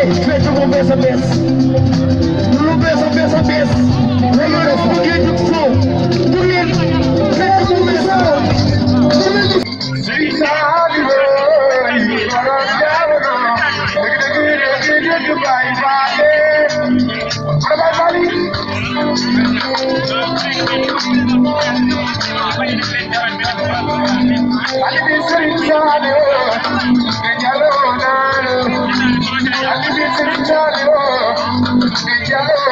Hey, kredi bu besa bes. Bu besa besa bes. Ne görüyorsun? Bu gece su. Bu gece kredi bu besa. Ali bin Sri Sari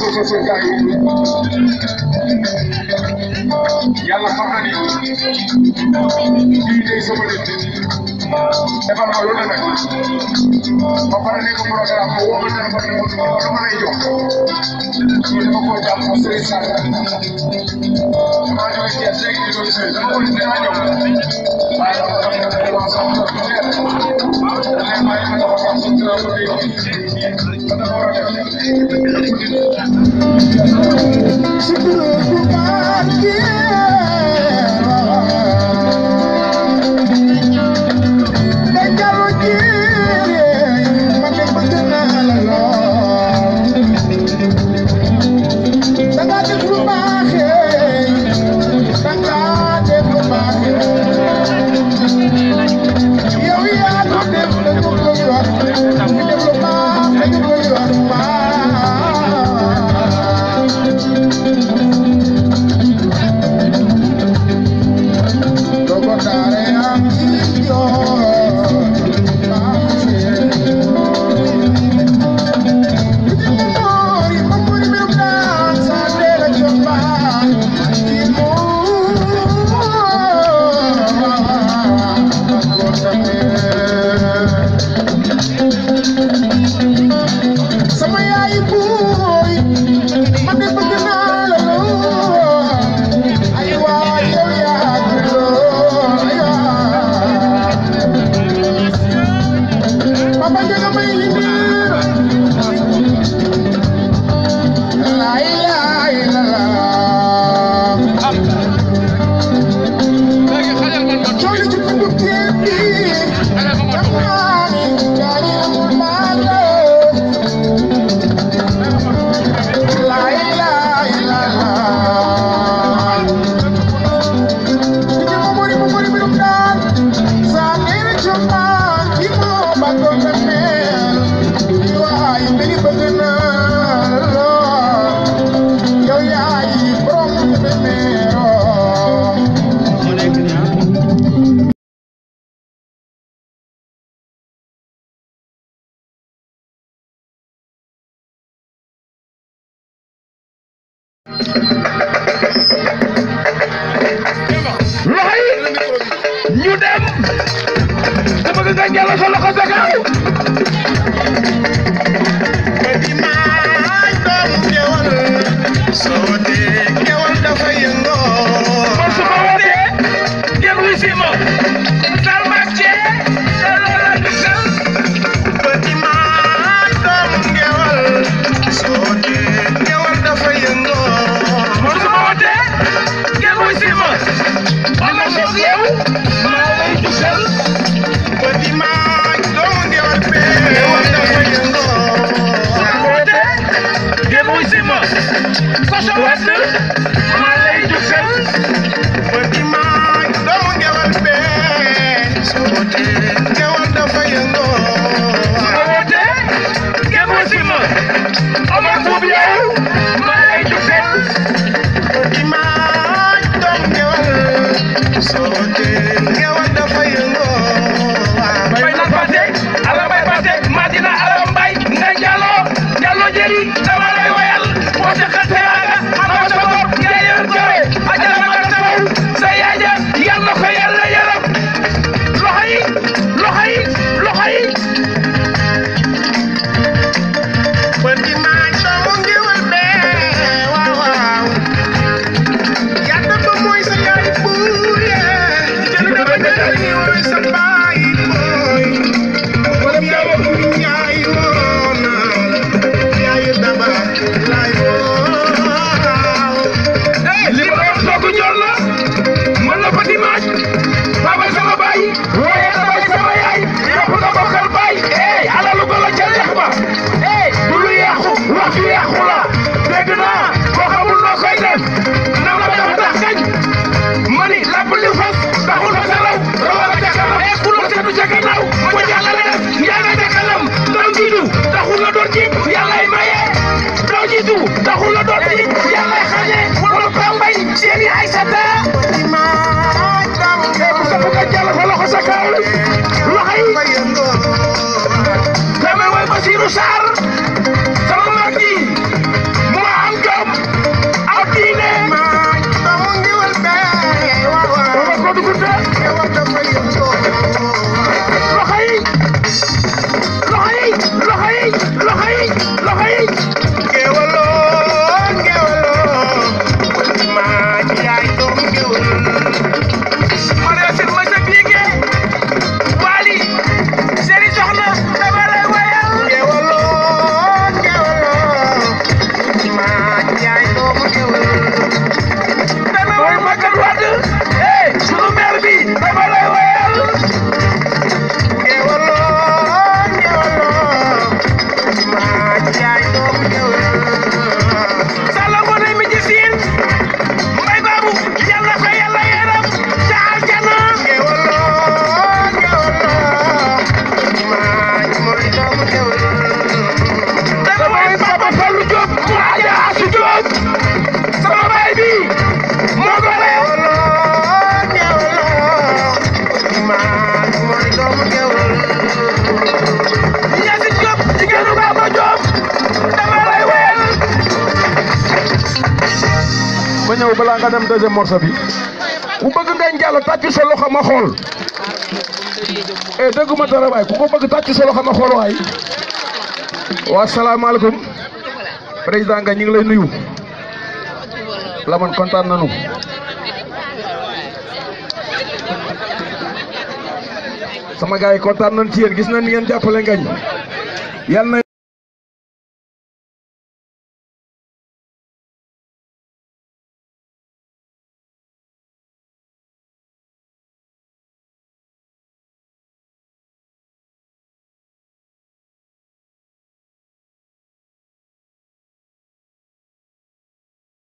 yàlla xam na ni lii day ma lu ne nag ba pare ma ma ma ma ma ma ma she could have I go to hell. You are, you believe in te njëla sa loxo sa kaw Petit Maaj doomu Géwël soo dee No ¡Lo hay! Que me ¡Lo hay! la nga dem deuxième morceau bi ku bëgg ngañ jàll tacc sa loxo ma xol eh deuguma dara bay ku ko bëgg tacc sa loxo ma xol way wa assalamu alaykum président nga ñi ngi lay nuyu la man contane nañu sama gars contane nañ ci yeen gis na ni ngeen jàppale ngañ yalla